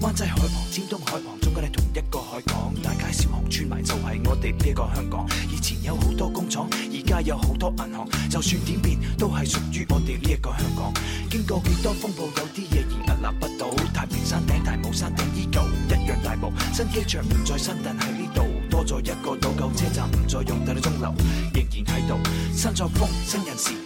灣仔海旁、尖東海旁，中間係同一個海港。大街小巷穿埋就係我哋呢一個香港。以前有好多工廠，而家有好多銀行。就算點變，都係屬於我哋呢一個香港。經過幾多風暴，有啲嘢而屹立不倒。太平山頂、大帽山頂依舊一樣大霧。新機場唔再新在這裡，但喺呢度多咗一個老舊車站唔再用中，但係鐘樓仍然喺度。新作風、新人事。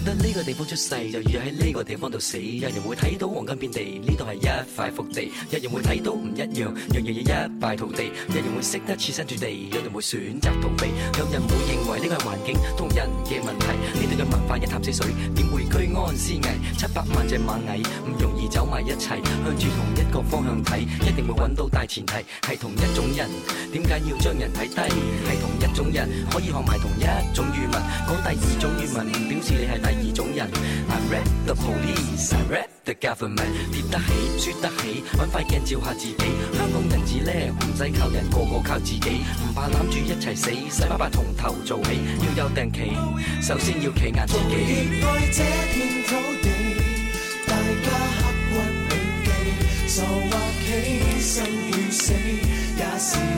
得、這、呢個地方出世，就要喺呢個地方度死。有人會睇到黃金遍地，呢度係一塊福地。有人會睇到唔一樣，樣樣嘢一敗塗地。有、嗯、人會識得設身處地，有人會選擇逃避。有人會認為呢個係環境同人嘅問題。呢度嘅文化一潭死水，點會居安思危？七百萬隻螞蟻唔容易走埋一齊，向住同一個方向睇，一定會揾到大前提係同一種人。點解要將人睇低？係同一種人，可以學埋同一種語文，講第二種語文，表示你係。第二種人，I read the police，I read the government，跌得起，輸得起，搵塊鏡照下自己。香港人至叻唔使靠人，個個靠自己，唔怕攬住一齊死，洗白白從頭做起，要有定期，首先要企硬自己。熱愛這片土地，大家刻骨銘記，受屈起，生與死也